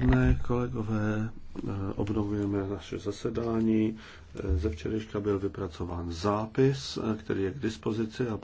Dne, kolegové, eh, obnovujeme naše zasedání. Eh, ze včerejška byl vypracován zápis, eh, který je k dispozici a